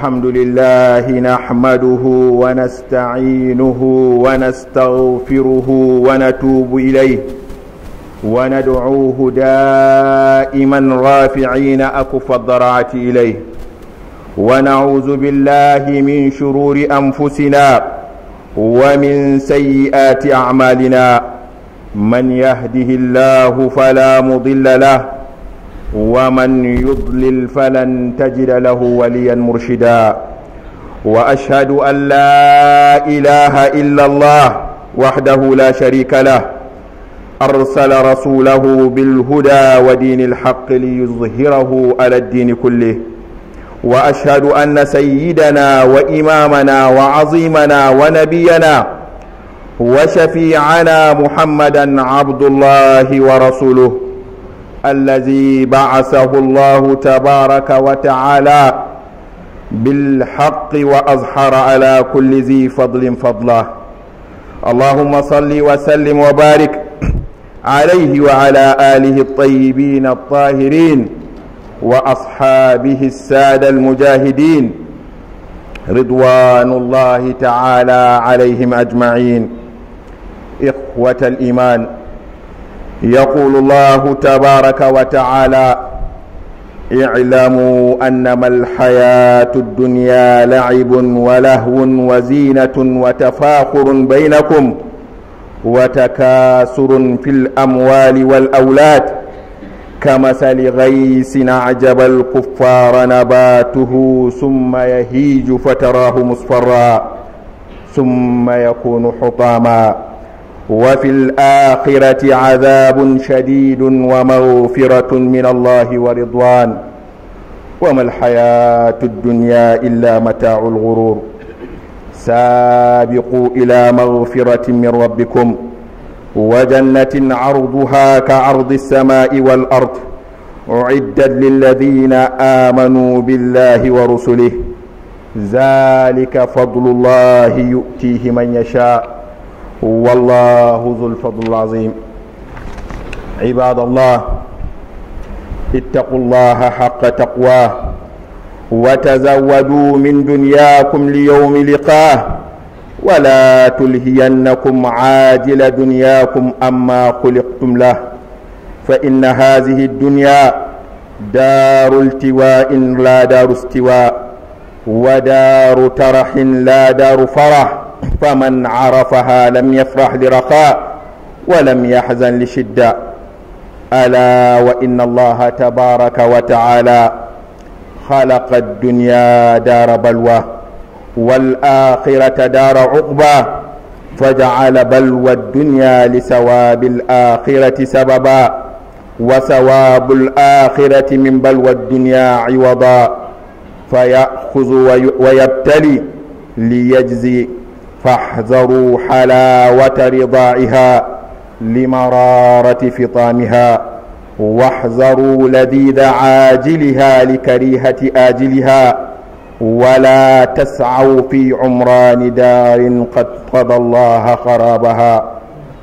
الحمد لله نحمده ونستعينه ونستغفره ونتوب إليه وندعوه دائما رافعين أكف الضرعة إليه ونعوذ بالله من شرور أنفسنا ومن سيئات أعمالنا من يهده الله فلا مضل له ومن يضلل فلن تجد له وليا مرشدا واشهد ان لا اله الا الله وحده لا شريك له ارسل رسوله بالهدى ودين الحق ليظهره على الدين كله واشهد ان سيدنا وامامنا وعظيمنا ونبينا وشفيعنا محمدا عبد الله ورسوله الذي بعثه الله تبارك وتعالى بالحق وأظهر على كل ذي فضل فضله اللهم صل وسلم وبارك عليه وعلى آله الطيبين الطاهرين وأصحابه السادة المجاهدين رضوان الله تعالى عليهم أجمعين إخوة الإيمان يقول الله تبارك وتعالى اعلموا انما الحياه الدنيا لعب ولهو وزينه وتفاخر بينكم وتكاثر في الاموال والاولاد كمثل غيث اعجب الكفار نباته ثم يهيج فتراه مصفرا ثم يكون حطاما وفي الآخرة عذاب شديد ومغفرة من الله ورضوان وما الحياة الدنيا إلا متاع الغرور سابقوا إلى مغفرة من ربكم وجنة عرضها كعرض السماء والأرض أعدت للذين آمنوا بالله ورسله ذلك فضل الله يؤتيه من يشاء والله ذو الفضل العظيم عباد الله اتقوا الله حق تقواه وتزودوا من دنياكم ليوم لقاه ولا تلهينكم عاجل دنياكم أما خلقتم له فإن هذه الدنيا دار التواء لا دار استواء ودار ترح لا دار فرح فمن عرفها لم يفرح لرخاء ولم يحزن لشدة ألا وإن الله تبارك وتعالى خلق الدنيا دار بلوى والآخرة دار عقبى فجعل بلوى الدنيا لثواب الآخرة سببا وثواب الآخرة من بلوى الدنيا عوضا فيأخذ ويبتلي ليجزي فاحذروا حلاوة رضاعها لمرارة فطامها واحذروا لذيذ عاجلها لكريهة آجلها ولا تسعوا في عمران دار قد قضى الله خرابها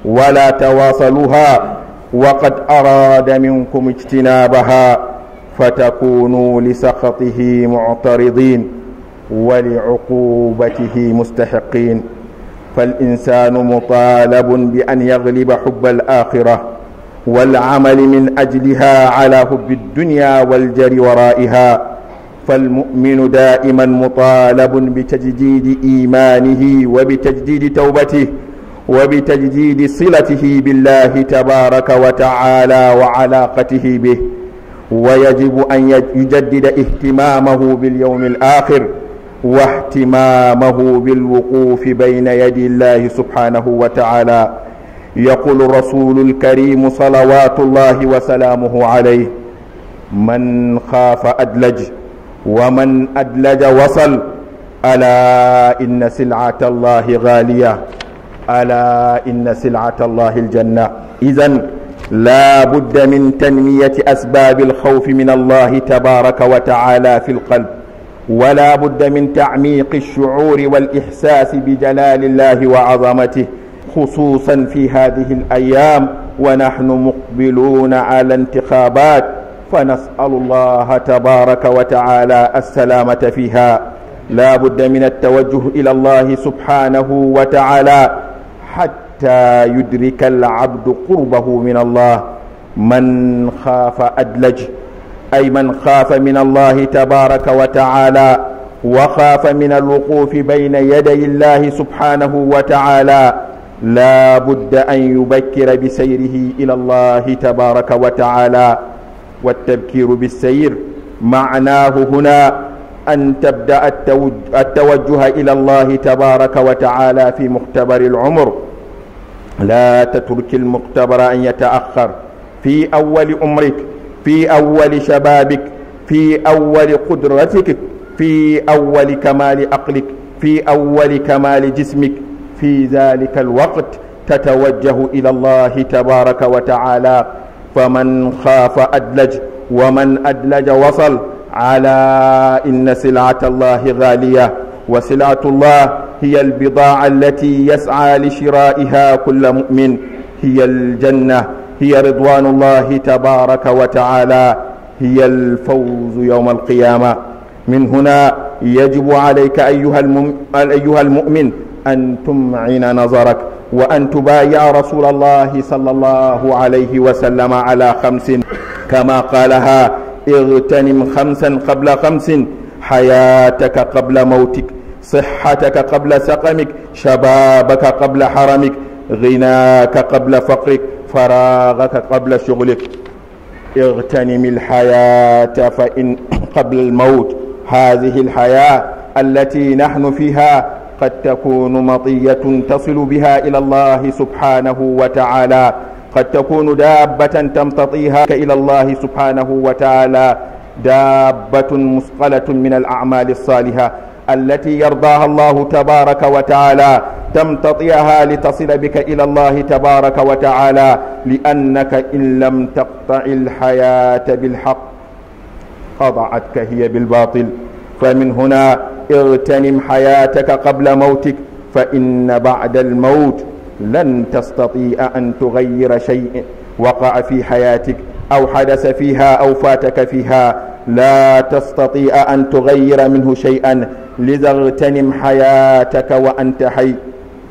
ولا تواصلوها وقد أراد منكم اجتنابها فتكونوا لسخطه معترضين ولعقوبته مستحقين فالإنسان مطالب بأن يغلب حب الآخرة والعمل من أجلها على حب الدنيا والجر ورائها فالمؤمن دائما مطالب بتجديد إيمانه وبتجديد توبته وبتجديد صلته بالله تبارك وتعالى وعلاقته به ويجب أن يجدد اهتمامه باليوم الآخر واهتمامه بالوقوف بين يدي الله سبحانه وتعالى يقول الرسول الكريم صلوات الله وسلامه عليه من خاف أدلج ومن أدلج وصل ألا إن سلعة الله غالية ألا إن سلعة الله الجنة إذا لا بد من تنمية أسباب الخوف من الله تبارك وتعالى في القلب ولا بد من تعميق الشعور والإحساس بجلال الله وعظمته خصوصا في هذه الأيام ونحن مقبلون على انتخابات فنسأل الله تبارك وتعالى السلامة فيها لا بد من التوجه إلى الله سبحانه وتعالى حتى يدرك العبد قربه من الله من خاف أدلجه أي من خاف من الله تبارك وتعالى وخاف من الوقوف بين يدي الله سبحانه وتعالى لا بد أن يبكر بسيره إلى الله تبارك وتعالى والتبكير بالسير معناه هنا أن تبدأ التوجه إلى الله تبارك وتعالى في مختبر العمر لا تترك المختبر أن يتأخر في أول عمرك في أول شبابك في أول قدرتك في أول كمال عقلك في أول كمال جسمك في ذلك الوقت تتوجه إلى الله تبارك وتعالى فمن خاف أدلج ومن أدلج وصل على إن سلعة الله غالية وسلعة الله هي البضاعة التي يسعى لشرائها كل مؤمن هي الجنة هي رضوان الله تبارك وتعالى هي الفوز يوم القيامة من هنا يجب عليك أيها, المم... أيها المؤمن أن تمعن نظرك وأن تبايع رسول الله صلى الله عليه وسلم على خمس كما قالها اغتنم خمسا قبل خمس حياتك قبل موتك صحتك قبل سقمك شبابك قبل حرمك غناك قبل فقرك فراغك قبل شغلك اغتنم الحياة فإن قبل الموت هذه الحياة التي نحن فيها قد تكون مطية تصل بها إلى الله سبحانه وتعالى قد تكون دابة تمتطيها إلى الله سبحانه وتعالى دابة مثقلة من الأعمال الصالحة التي يرضاها الله تبارك وتعالى تمتطيها لتصل بك إلى الله تبارك وتعالى لأنك إن لم تقطع الحياة بالحق قضعتك هي بالباطل فمن هنا اغتنم حياتك قبل موتك فإن بعد الموت لن تستطيع أن تغير شيء وقع في حياتك أو حدث فيها أو فاتك فيها لا تستطيع أن تغير منه شيئا لذا اغتنم حياتك وأنت حي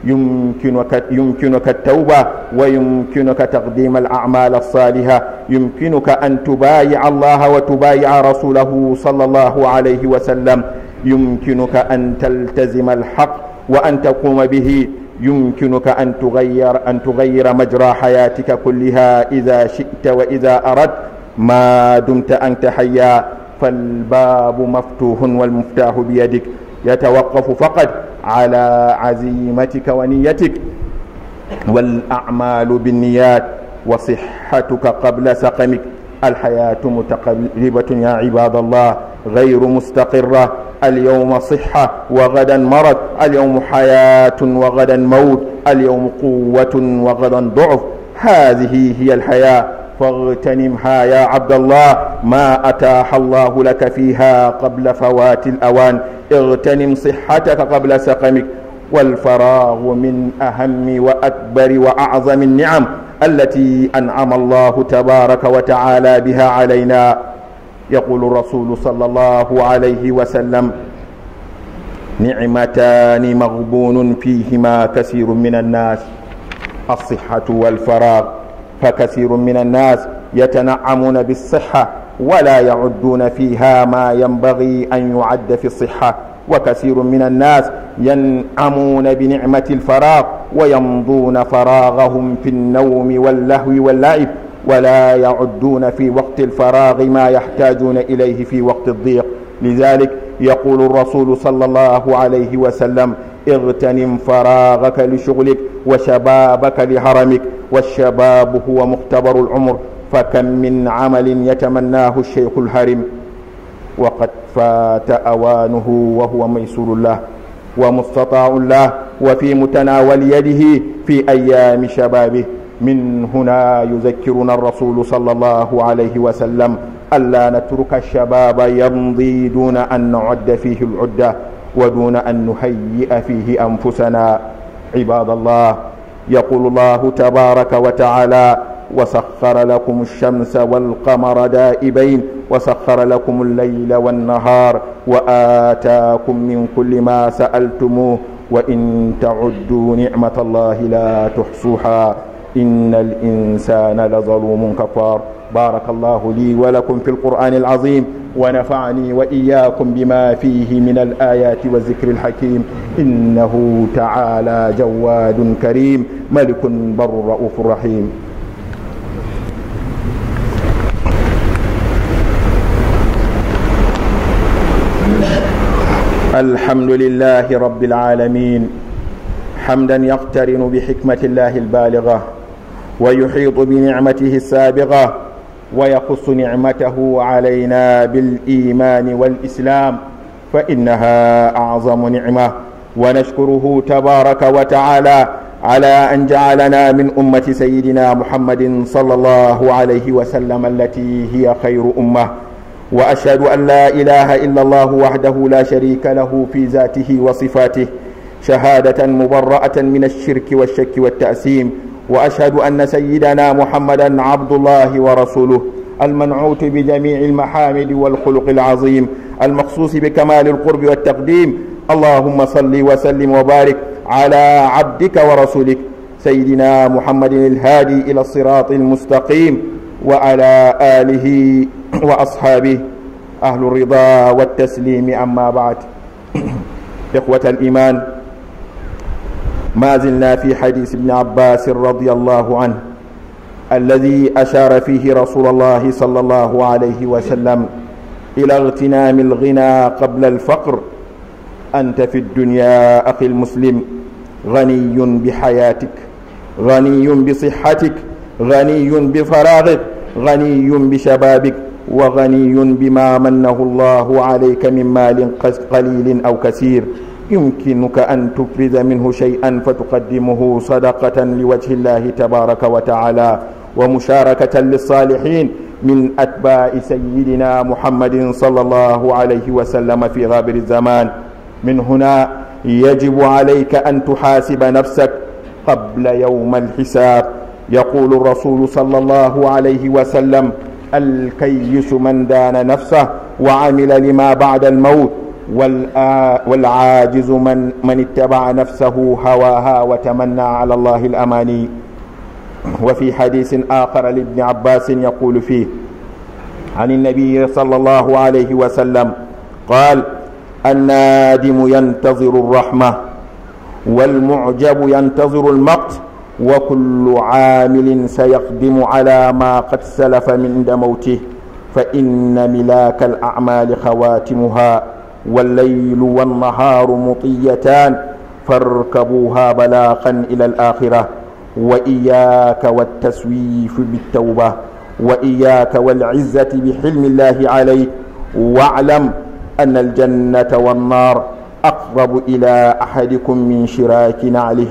يمكنك يمكنك التوبة ويمكنك تقديم الأعمال الصالحة يمكنك أن تبايع الله وتبايع رسوله صلى الله عليه وسلم يمكنك أن تلتزم الحق وأن تقوم به يمكنك أن تغير أن تغير مجرى حياتك كلها إذا شئت وإذا أردت ما دمت أنت حيا فالباب مفتوح والمفتاح بيدك يتوقف فقط على عزيمتك ونيتك والأعمال بالنيات وصحتك قبل سقمك الحياة متقلبة يا عباد الله غير مستقرة اليوم صحة وغدا مرض اليوم حياة وغدا موت اليوم قوة وغدا ضعف هذه هي الحياة فاغتنمها يا عبد الله ما أتاح الله لك فيها قبل فوات الأوان اغتنم صحتك قبل سقمك والفراغ من أهم وأكبر وأعظم النعم التي أنعم الله تبارك وتعالى بها علينا يقول الرسول صلى الله عليه وسلم نعمتان مغبون فيهما كثير من الناس الصحة والفراغ فكثير من الناس يتنعمون بالصحة ولا يعدون فيها ما ينبغي أن يعد في الصحة وكثير من الناس ينعمون بنعمة الفراغ ويمضون فراغهم في النوم واللهو واللعب ولا يعدون في وقت الفراغ ما يحتاجون إليه في وقت الضيق لذلك يقول الرسول صلى الله عليه وسلم اغتنم فراغك لشغلك وشبابك لهرمك والشباب هو مختبر العمر فكم من عمل يتمناه الشيخ الهرم وقد فات أوانه وهو ميسور الله ومستطاع الله وفي متناول يده في أيام شبابه من هنا يذكرنا الرسول صلى الله عليه وسلم ألا نترك الشباب يمضي دون أن نعد فيه العدة ودون أن نهيئ فيه أنفسنا عباد الله يقول الله تبارك وتعالى وسخر لكم الشمس والقمر دائبين وسخر لكم الليل والنهار وآتاكم من كل ما سألتموه وإن تعدوا نعمة الله لا تحصوها إن الإنسان لظلوم كفار بارك الله لي ولكم في القرآن العظيم ونفعني وإياكم بما فيه من الآيات والذكر الحكيم إنه تعالى جواد كريم ملك بر رؤوف رحيم الحمد لله رب العالمين حمدا يقترن بحكمة الله البالغة ويحيط بنعمته السابغة ويقص نعمته علينا بالإيمان والإسلام فإنها أعظم نعمة ونشكره تبارك وتعالى على أن جعلنا من أمة سيدنا محمد صلى الله عليه وسلم التي هي خير أمة وأشهد أن لا إله إلا الله وحده لا شريك له في ذاته وصفاته شهادة مبرأة من الشرك والشك والتأسيم وأشهد أن سيدنا محمدا عبد الله ورسوله المنعوت بجميع المحامد والخلق العظيم المخصوص بكمال القرب والتقديم اللهم صل وسلم وبارك على عبدك ورسولك سيدنا محمد الهادي إلى الصراط المستقيم وعلى آله وأصحابه أهل الرضا والتسليم أما بعد إخوة الإيمان ما زلنا في حديث ابن عباس رضي الله عنه الذي أشار فيه رسول الله صلى الله عليه وسلم إلى اغتنام الغنى قبل الفقر أنت في الدنيا أخي المسلم غني بحياتك غني بصحتك غني بفراغك غني بشبابك وغني بما منه الله عليك من مال قليل أو كثير يمكنك أن تفرز منه شيئا فتقدمه صدقة لوجه الله تبارك وتعالى ومشاركة للصالحين من أتباع سيدنا محمد صلى الله عليه وسلم في غابر الزمان من هنا يجب عليك أن تحاسب نفسك قبل يوم الحساب يقول الرسول صلى الله عليه وسلم الكيس من دان نفسه وعمل لما بعد الموت والعاجز من, من اتبع نفسه هواها وتمنى على الله الأماني وفي حديث آخر لابن عباس يقول فيه عن النبي صلى الله عليه وسلم قال النادم ينتظر الرحمة والمعجب ينتظر المقت وكل عامل سيقدم على ما قد سلف من موته فإن ملاك الأعمال خواتمها والليل والنهار مطيتان فاركبوها بلاقا إلى الآخرة وإياك والتسويف بالتوبة وإياك والعزة بحلم الله عليك واعلم أن الجنة والنار أقرب إلى أحدكم من شراك نعله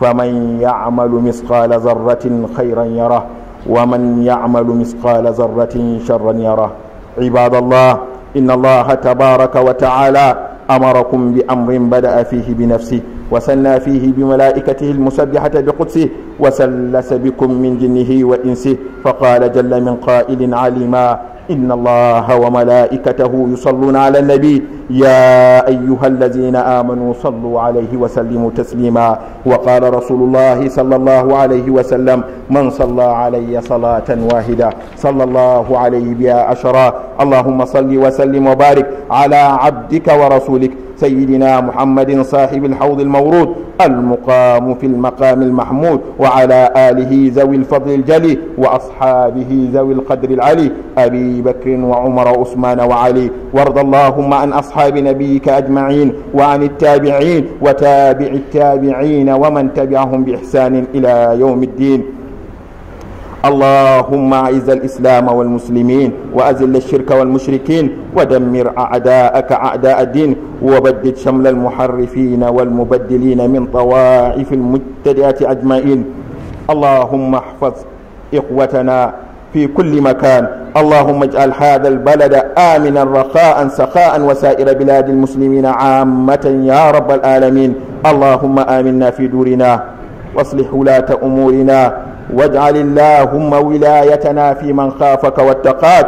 فمن يعمل مثقال ذرة خيرا يره ومن يعمل مثقال ذرة شرا يره عباد الله إن الله تبارك وتعالى أمركم بأمر بدأ فيه بنفسه وسنى فيه بملائكته المسبحة بقدسه وسلس بكم من جنه وإنسه فقال جل من قائل عليما إن الله وملائكته يصلون على النبي يا أيها الذين آمنوا صلوا عليه وسلموا تسليما وقال رسول الله صلى الله عليه وسلم من صلى علي صلاة واحدة صلى الله عليه بها عشرا اللهم صل وسلم وبارك على عبدك ورسولك سيدنا محمد صاحب الحوض المورود المقام في المقام المحمود وعلى آله ذوي الفضل الجلي وأصحابه ذوي القدر العلي أبي بكر وعمر وعثمان وعلي وارض اللهم عن أصحاب نبيك أجمعين وعن التابعين وتابع التابعين ومن تبعهم بإحسان إلى يوم الدين اللهم أعز الإسلام والمسلمين وأذل الشرك والمشركين ودمر أعداءك أعداء الدين وبدد شمل المحرفين والمبدلين من طوائف المبتدئات أجمعين اللهم احفظ إخوتنا في كل مكان اللهم اجعل هذا البلد آمنا رخاء سخاء وسائر بلاد المسلمين عامة يا رب العالمين اللهم آمنا في دورنا واصلح ولاة أمورنا واجعل اللهم ولايتنا في من خافك واتقاك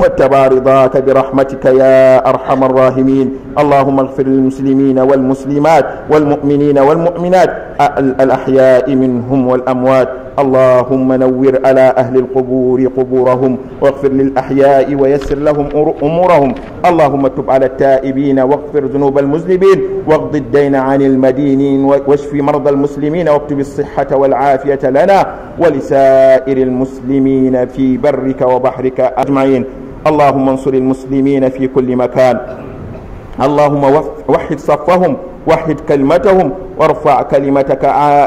واتبع رضاك برحمتك يا أرحم الراحمين اللهم اغفر للمسلمين والمسلمات والمؤمنين والمؤمنات الأحياء منهم والأموات اللهم نور على أهل القبور قبورهم واغفر للأحياء ويسر لهم أمورهم اللهم تب على التائبين واغفر ذنوب المذنبين واقض الدين عن المدينين واشف مرضى المسلمين واكتب الصحة والعافية لنا ولسائر المسلمين في برك وبحرك أجمعين اللهم انصر المسلمين في كل مكان اللهم وحد صفهم وحد كلمتهم وارفع كلمتك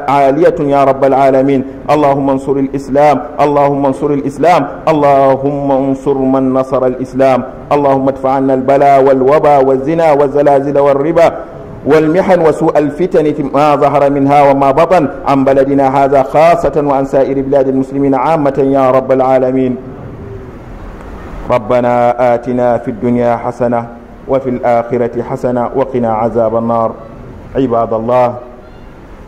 عالية يا رب العالمين اللهم انصر الإسلام اللهم انصر الإسلام اللهم انصر من نصر الإسلام اللهم ادفع عنا البلاء والوبا والزنا والزلازل والربا والمحن وسوء الفتن ما ظهر منها وما بطن عن بلدنا هذا خاصة وعن سائر بلاد المسلمين عامة يا رب العالمين ربنا آتنا في الدنيا حسنة وفي الآخرة حسنة وقنا عذاب النار عباد الله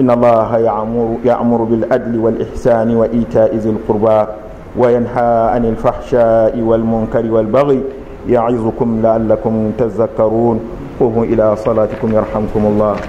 إن الله يأمر, يعمر بالعدل والإحسان وإيتاء ذي القربى وينهى عن الفحشاء والمنكر والبغي يعظكم لعلكم تذكرون قوموا إلى صلاتكم يرحمكم الله